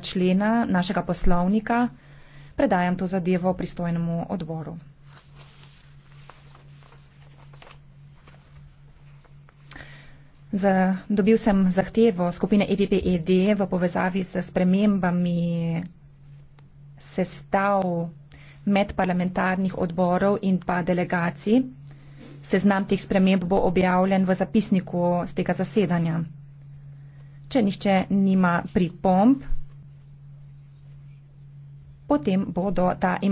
člena našega poslovnika, predajam to zadevo pristojnemu odboru. Dobil sem zahtevo skupine EPPED v povezavi s spremembami sestav medparlamentarnih odborov in pa delegacij. Seznam teh sprememb bo objavljen v zapisniku z tega zasedanja. Če nišče nima pripomb, potem bodo ta imena.